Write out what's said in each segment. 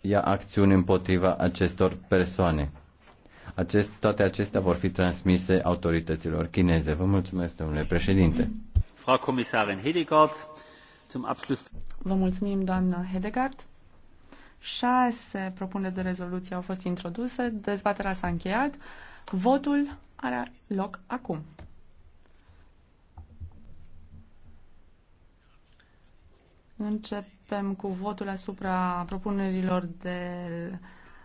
ia acțiuni împotriva acestor persoane. Acest, toate acestea vor fi transmise autorităților chineze. Vă mulțumesc, domnule președinte. Frau Kommissarin Hedegaard, zum Abschluss. Vă mulțumim, doamna Hedegaard. Șase propuneri de rezoluție au fost introduse. Dezbaterea s-a încheiat. Votul are loc acum. Începem cu votul asupra propunerilor de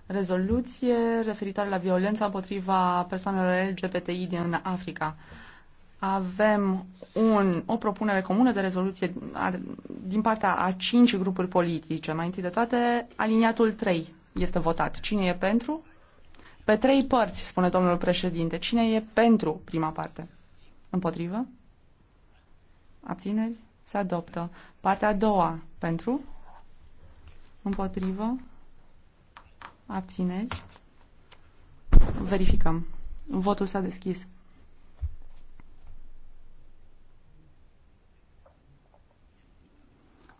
rezoluție referitoare la violența împotriva persoanelor LGBTI din Africa. Avem un, o propunere comună de rezoluție din partea a cinci grupuri politice. Mai întâi de toate, aliniatul 3 este votat. Cine e pentru? Pe trei părți, spune domnul președinte. Cine e pentru prima parte? Împotrivă? Abțineri? Se adoptă. Partea a doua. Pentru? Împotrivă? Abțineri? Verificăm. Votul s-a deschis.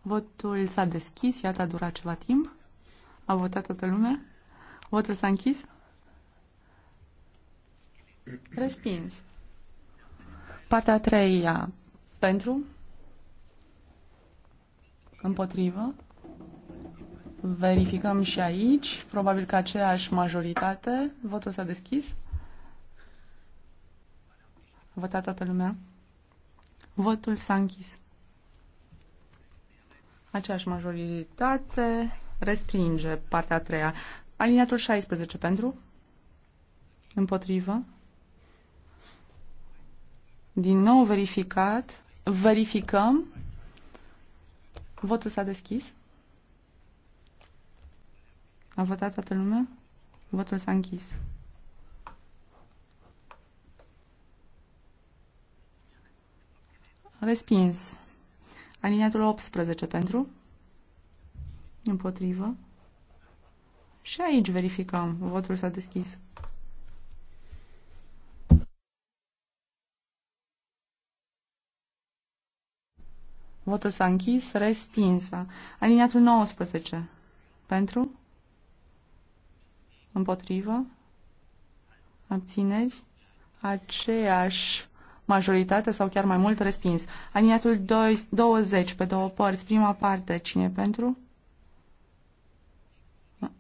Votul s-a deschis, iată a durat ceva timp. A votat toată lumea. Votul s-a închis. Respins. Partea a treia pentru, Împotrivă? Verificăm și aici. Probabil că aceeași majoritate. Votul s-a deschis. A votat toată lumea. Votul s-a închis. Aceeași majoritate respinge partea a treia. Aliniatul 16 pentru? Împotrivă? Din nou verificat. Verificăm Votul s-a deschis. A votat toată lumea? Votul s-a închis. Respins. Aliniatul 18 pentru? Împotrivă. Și aici verificăm. Votul s-a deschis. Votul s-a închis, respinsă. Aliniatul 19. Pentru? Împotrivă? Abțineri? Aceeași majoritate sau chiar mai mult respins. Aliniatul 20 pe două părți, prima parte, cine pentru?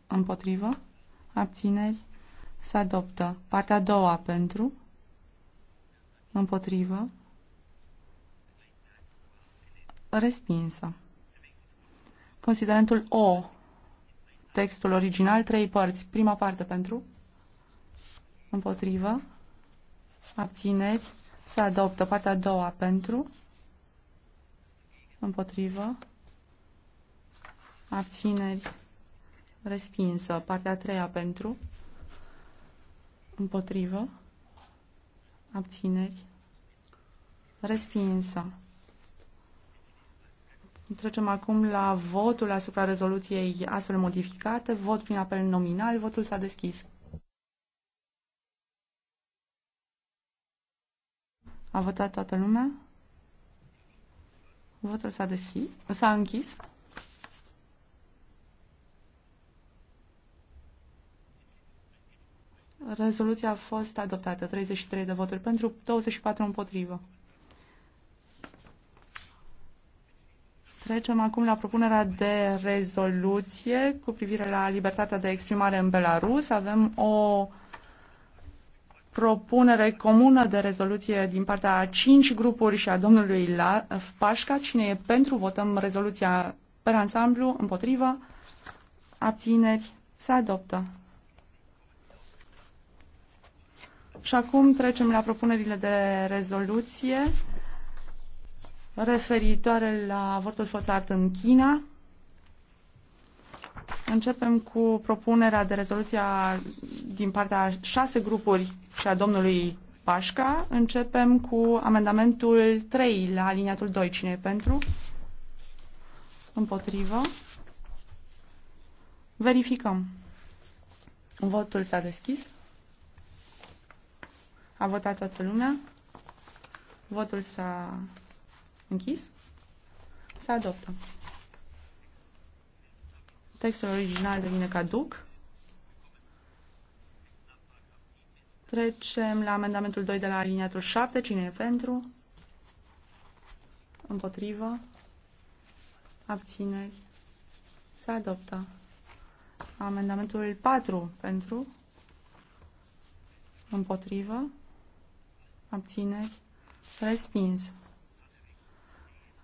Împotrivă? Abțineri? Se adoptă. Partea a doua pentru? Împotrivă? respinsă. Considerentul O, textul original, trei părți. Prima parte pentru, împotrivă, abțineri, se adoptă. Partea a doua pentru, împotrivă, abțineri, respinsă. Partea a treia pentru, împotrivă, abțineri, respinsă. Trecem acum la votul asupra rezoluției astfel modificate. Vot prin apel nominal. Votul s-a deschis. A votat toată lumea? Votul s-a deschis. S-a închis. Rezoluția a fost adoptată. 33 de voturi pentru, 24 împotrivă. Trecem acum la propunerea de rezoluție cu privire la libertatea de exprimare în Belarus. Avem o propunere comună de rezoluție din partea a cinci grupuri și a domnului la Pașca. Cine e pentru? Votăm rezoluția pe ansamblu, împotrivă, abțineri, se adoptă. Și acum trecem la propunerile de rezoluție referitoare la avortul forțat în China. Începem cu propunerea de rezoluție din partea șase grupuri și a domnului Pașca. Începem cu amendamentul 3 la aliniatul 2. Cine e pentru? Împotrivă. Verificăm. Votul s-a deschis. A votat toată lumea. Votul s-a Închis? Se adoptă. Textul original devine caduc. Trecem la amendamentul 2 de la aliniatul 7. Cine e pentru? Împotrivă? Abțineri? Se adoptă. Amendamentul 4 pentru? Împotrivă? Abțineri? Respins.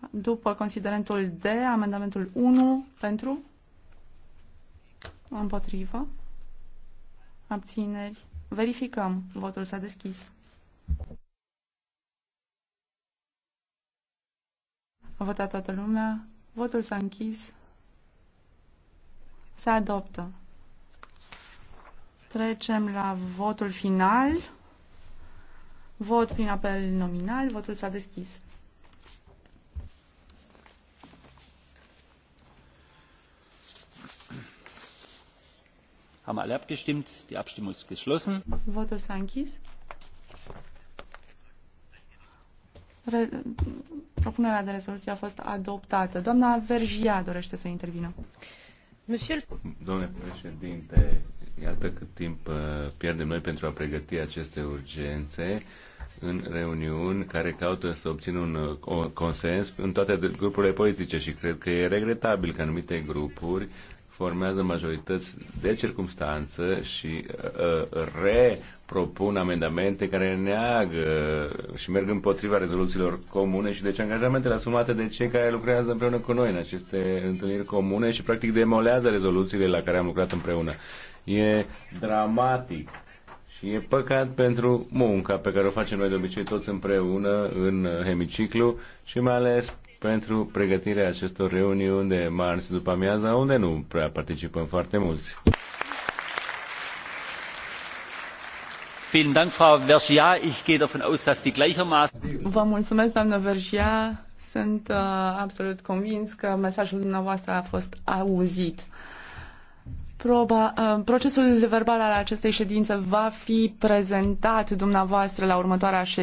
După considerentul D, amendamentul 1 pentru, împotrivă, abțineri. Verificăm. Votul s-a deschis. A votat toată lumea. Votul s-a închis. Se adoptă. Trecem la votul final. Vot prin apel nominal. Votul s-a deschis. Am alle abgestimmt? Die Abstimmung ist geschlossen. Votul s-a închis. Re... Propunerea de rezoluție a fost adoptată. Doamna Vergia dorește să intervină. Monsieur... Domnule președinte, iată cât timp uh, pierdem noi pentru a pregăti aceste urgențe în reuniuni care caută să obțină un uh, consens în toate grupurile politice și cred că e regretabil că anumite grupuri formează majorități de circumstanță și uh, uh, repropun amendamente care neagă și merg împotriva rezoluțiilor comune și deci angajamentele asumate de cei care lucrează împreună cu noi în aceste întâlniri comune și practic demolează rezoluțiile la care am lucrat împreună. E dramatic. Și e păcat pentru munca pe care o facem noi de obicei toți împreună în hemiciclu și mai ales pentru pregătirea acestor reuniuni de marți după amiaza, unde nu prea participăm foarte mulți. Vă mulțumesc, doamnă Vergia. Sunt uh, absolut convins că mesajul dumneavoastră a fost auzit. Proba, uh, procesul verbal al acestei ședințe va fi prezentat dumneavoastră la următoarea ședință.